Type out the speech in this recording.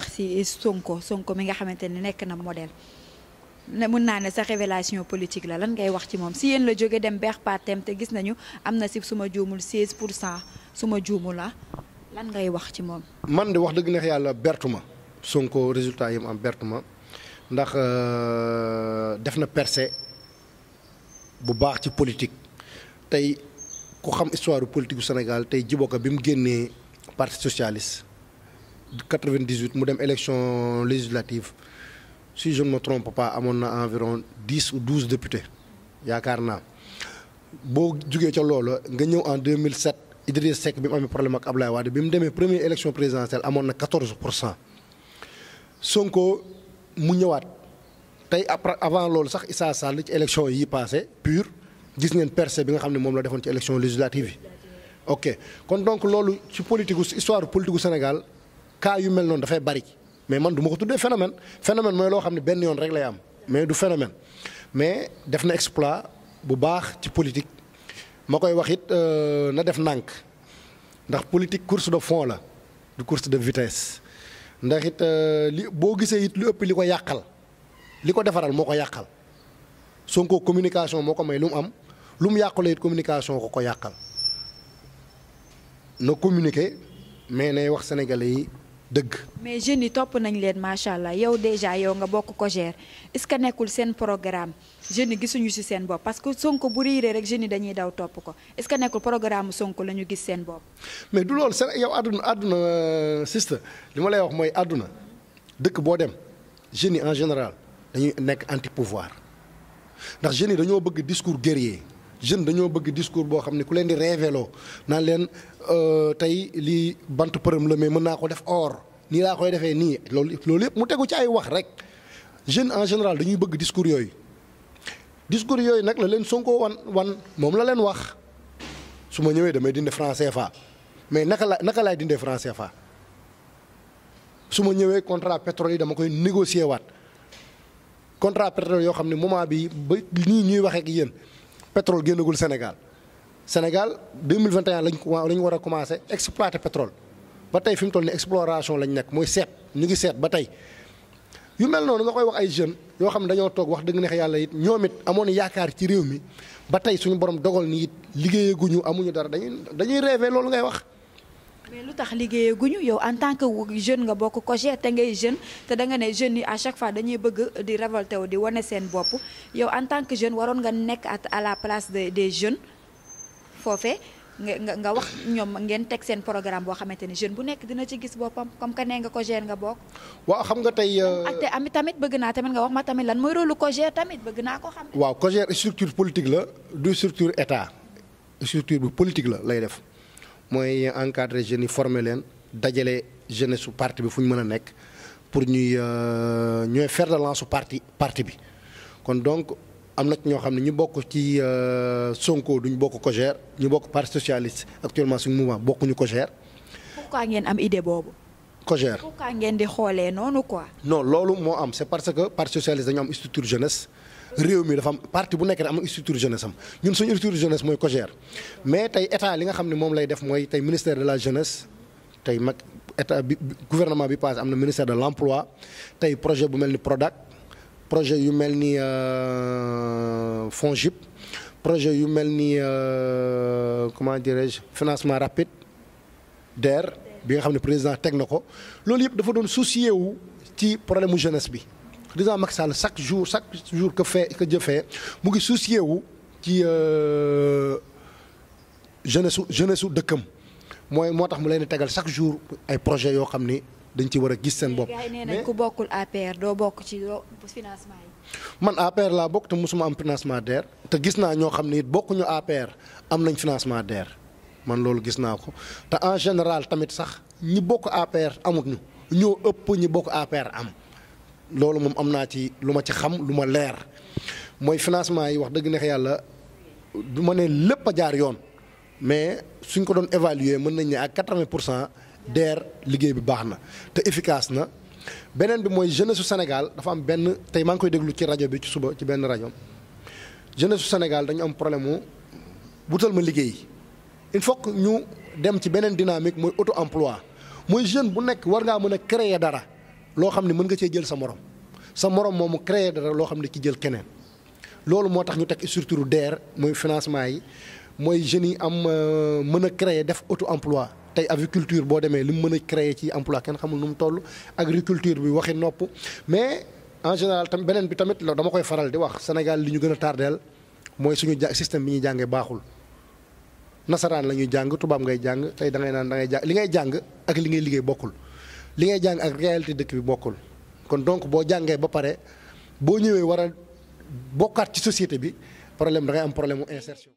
wax ci Sonko Sonko mi nga xamante ne nekk na modèle mën naa ne sa révélation politique la lan ngay wax ci moom si yéen la jóge dem beex partem te gis nañu am na si suma juumul 16 pour cent suma juumu la ah, lan ngay wax ci moom man de wax dëgg neex yàlla bertuma Sonko résultat yi mu am ma ndax euh, def na percée bu baax ci politique tey ku xam histoire politique bu Sénégal tey jiboka bi mu génnee partie socialiste 98 mu dem élection législative si je ne me trompe pas amoon na environ 10 ou 12 députés Il y a jugee Si nga ñëw en 2007 Idriss Seck a eu un problème ak Ablaye Wade bi mu première élection présidentielle amoon 14 Sonko mu ñëwaat avant loolu sax Issa Sall ci élection yi passé pur gis une percée bi nga xam une élection législative ok donc loolu ci politique histoire politique du Sénégal cas yu non noonu dafay bari mais man du ma ko phénomène phénomène mooy loo xam ne benn yoon rek lay am mais du phénomène mais def na exploit bu baax ci politique ma koy wax it euh, na def nank ndax politique course de fond la du course de vitesse ndax it euh, li boo gisee it lu ëpp li ko yàqal li ko defaral moo yakal yàqal Sonko communication moo ko may lu am lu mu yàqalee it communication ko ko yakal na communiquer mais nay wax sénégalais yi. dëgg. mais jeunes yi topp nañ leen macha allah yow déjà yow nga bokk ko gère est-ce que nekkul seen programme jeunes yi gisuñu ci seen bopp parce que Sonko bu riiree rek jeunes yi dañuy daw topp ko est-ce que nekkul programme son la ñu gis seen bopp. mais du loolu seen yow àdduna àdduna euh, siste li ma lay wax mooy àdduna dëkk boo dem jeunes en général dañuy nekk anti pouvoir ndax jeunes yi dañoo bëgg discours guerrier jeune dañoo bëgg discours boo xam ne ku leen di révélo naa leen euh, tey lii bant përëm la mais mën naa ko def or nii laa koy defee nii loolu loolu yëpp mu tegu ci ay wax rek jeune en général dañuy bëgg discours yooyu discours yooyu nag la leen Sonko wan wan moom la leen wax su ma ñëwee damay dindi franc CFA mais naka la naka laay dindee franc CFA su ma ñëwee contrat pétrole yi dama koy négocier waat contrat pétrole yoo xam ne moment bi ba nii ñuy waxee yéen pétrole génnagul Sénégal Sénégal 2021 lañ ko lañ war a commencé exploiter pétrole ba tey fi toll ni exploration lañu nekk mooy seet ñu ngi seet ba tey yu mel noonu nga koy wax ay jeunes yoo xam ne dañoo toog wax dëgg neex yàlla it ñoom it amoon yaakaar ci réew mi ba tey suñu borom dogal ni it liggéeyaguñu amuñu dara dañuy dañuy rêvé loolu ngay wax. mais lu tax guñu yow en tant que jeune nga bokk COJER te ngay jeune te da nga né jeune ni à chaque fois dañuy bëgg di révolté wu di woné sen bop yow en tant que jeune waron nga nekk at à la place des des jeunes fofé nga nga wax ñom ngeen tek sen programme bo xamanteni jeune bu nekk dina ci gis bopam comme que né nga COJER nga bok wa xam nga tay euh, ak ah, te am tamit bëgg na tamit nga wax ma tamit lan moy rôle lu COJER tamit bëgg na ko xam. waaw COJER structure politique la du structure état structure bu politique la lay def. mooy encadrer jeunes yi former leen dajale jeunesse su parti bi fu ñu mën a nekk pour ñuy euh, ñooy fer lance su parti parti bi. kon donc am na ñoo xam ne ñu bokk ci euh, Sonko duñ bokk COJER ñu bokk parti socialiste actuellement suñu mouvement bokkuñu COJER. pourquoi ngeen am idée boobu. COJER pourquoi ngeen di xoolee noonu quoi. non loolu moo am c'est parce que parti socialiste dañu am structure jeunesse. réew dafa am parti bu nekk am structure jeunesse am ñun suñu structure jeunesse mooy cogère mais tey état li nga xam ne moom lay def mooy tey ministère de la jeunesse tey mag état bi gouvernement bi passé am na ministère de l'emploi tey projet bu mel ni PRODAC projet yu mel ni jip euh, projet yu mel ni euh, comment dirais-je financement rapide DER bi nga xam ne président teg na ko loolu yëpp dafa doon soucier wu ci problème mu jeunesse bi président Macky Sall chaque jour chaque jour que fait que jëfee mu ngi soucié wu ci euh jeunesse jeunesse su moy motax moo tax mu leen di chaque jour ay projet yo xamni dañ ci wara a gis seen bopp. mais nañ ku bokul APR do bok ci financement yi. man APR la bok te musuma am financement DER te gis na ño xamni ne it APR am nañ financement d'air man lolou gis nako ko te en général tamit sax ñi bokk APR amut ñu ñoo ëpp ñi bokk APR am. loolu moom am naa ci lu ma ci xam lu ma leer mooy financement yi wax dëgg neex yàlla du ma ne lépp a jaar yoon mais suñ ko doon évaluer mën nañ ne ak quatre-vingt pour cent DER liggéey bi baax na te efficace na beneen bi mooy jeunesse su Sénégal dafa am benn tey maa ngi koy déglu ci rajo bi ci suba ci benn rajo jeunesse su Sénégal dañu am problème mu wutal ma liggéey il faut que ñu dem ci beneen dynamique mooy auto emploi mooy jeune bu nekk war ngaa mën a créer dara. loo xam ne mën nga cee jël sa morom sa morom moomu créer dara loo xam ne ci jël keneen loolu moo tax ñu tekk structure deer mooy financement yi mooy jeunes yi am euh, mën a créer def auto emploi tey aviculture boo demee li mu mën a créer ci emploi kenn xamul nu mu toll agriculture bi waxi nopp mais en général tam beneen bi tamit loolu dama koy faral di wax Sénégal li ñu gën a tardeel mooy suñu ja système bi ñuy jàngee baaxul nasaraan la ñuy jàng tubaab ngay jàng tey da ngay naan da ngay jàng li ngay jàng ak li ngay liggéey bokkul li ngay jàng ak réalité dëkk bi bokkul kon donc boo jàngee ba pare boo ñëwee war a bokkaat ci société bi problème da am problème mu insertion